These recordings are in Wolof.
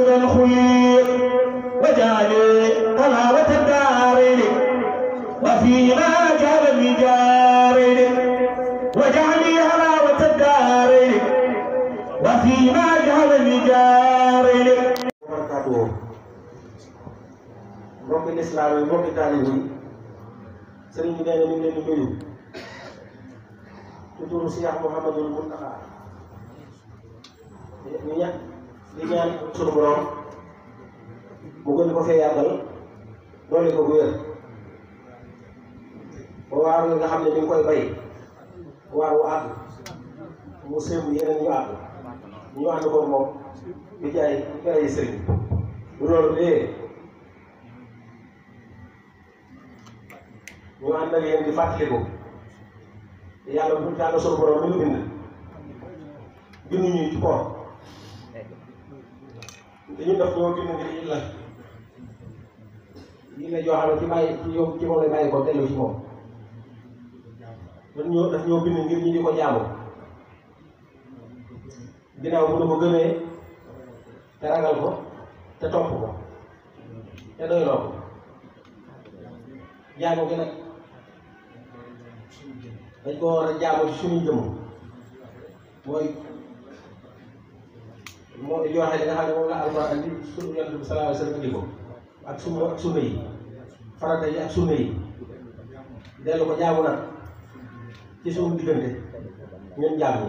قدر الخير وجعلي طلاوة الدارين وفيما جاب بجارين وجعلي هلاوة الدارين وفيما جاب بجارين mbokki lislaam yi mbokki taalib yi sëriñ bi nee na ñu ngi leen di nuyu ci turu Cheikh Mouhamadul Mountakha li ñaan sunu borom mu gën ko fee yàggal doole ko bu wér ba waar nga xam ne ñu ngi koy bay waar wu àgg mu sëmb yeneen ñu àgg ñu ànd ko moom di jaay jaay sëriñ bu loolu dee ñu ànd ak yéen di fàttaliku yàlla bu yàlla sunu borom mi ngi bind binduñu ci koor dañu def loolu ci mu ngi illa illa yoo xam ne ci ko delloo ci moom dañ ñoo daf ñoo bind ngir ñu di ko jaamu ginnaaw bu nu ko te ragal ko te topp ko te doyloo ko jaamu gi nag ko war a jaamu ci suñu moom dañuy wax li nga xam ne moom la alquran andi sunu yonent bi sallallahu alayhi wa sallam ko ak sunu ak yi farata yi ak sunna yi dellu ko jaamu nag ci sunu diggante ñun jaamu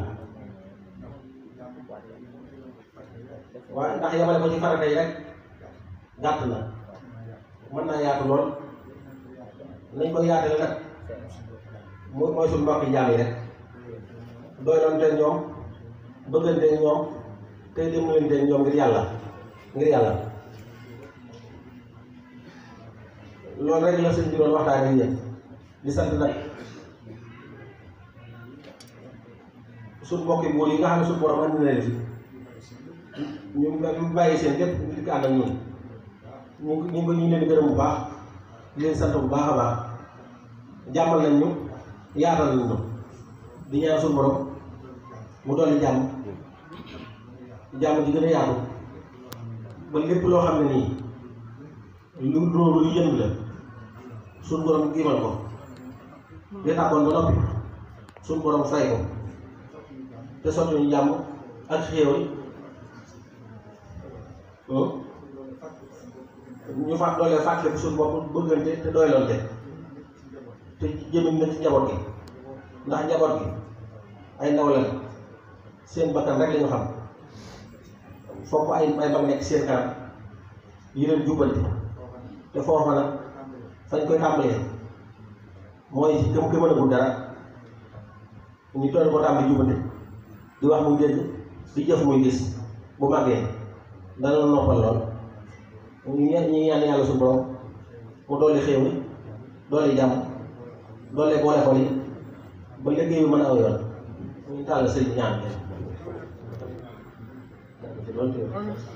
waaye ndax yamale ko ci farata yi rek gàtt na mën naa yaatu lool nañ ko yaatal nag mooy suñu mbokk yi jaam yi rek doy doon te ñoom bëggante ñoom. tey dimbalante ñoom ngir yàlla ngir yàlla loolu rek la sëñ bi waxtaan yi boobu yi nga xam ne suñu borom andi na leen ñu ñu bàyyi seen képp ñu dikk ànd ak ñun ñu ñu ñu leen gërëm bu baax di leen sant bu baax a baax jàmmal nañ ñu yaatal nañ ñu di ñaan suñu borom mu dolli jàmm. ci jàmm ji gën a ba lépp loo xam ne nii lu loolu lu yëngu la borom giimal ko li tàkkoon ba noppi borom fay ko te sotti ñu jàmm ak xéewal hmm? ñu fa doole fàtte bu suñ bopp bëggante te doylante te jëmin na ci njaboot ndax njaboot gi ay ndaw seen bakkan rek lañu ñu xam fokk ay ay mag nekk seen kanam yi leen jubbante te foofa nag fañ koy tàmbalee mooy gëm gëmalagul dara ñu toll ko tàmbali jubbante di wax muy dégg di jëf muy gis bu màggee dana noppal lool ñu ñu ñaan yàlla su borom mu dolli xéew ni dolli mën a ñu tàll sëriñ ñaan Gracias.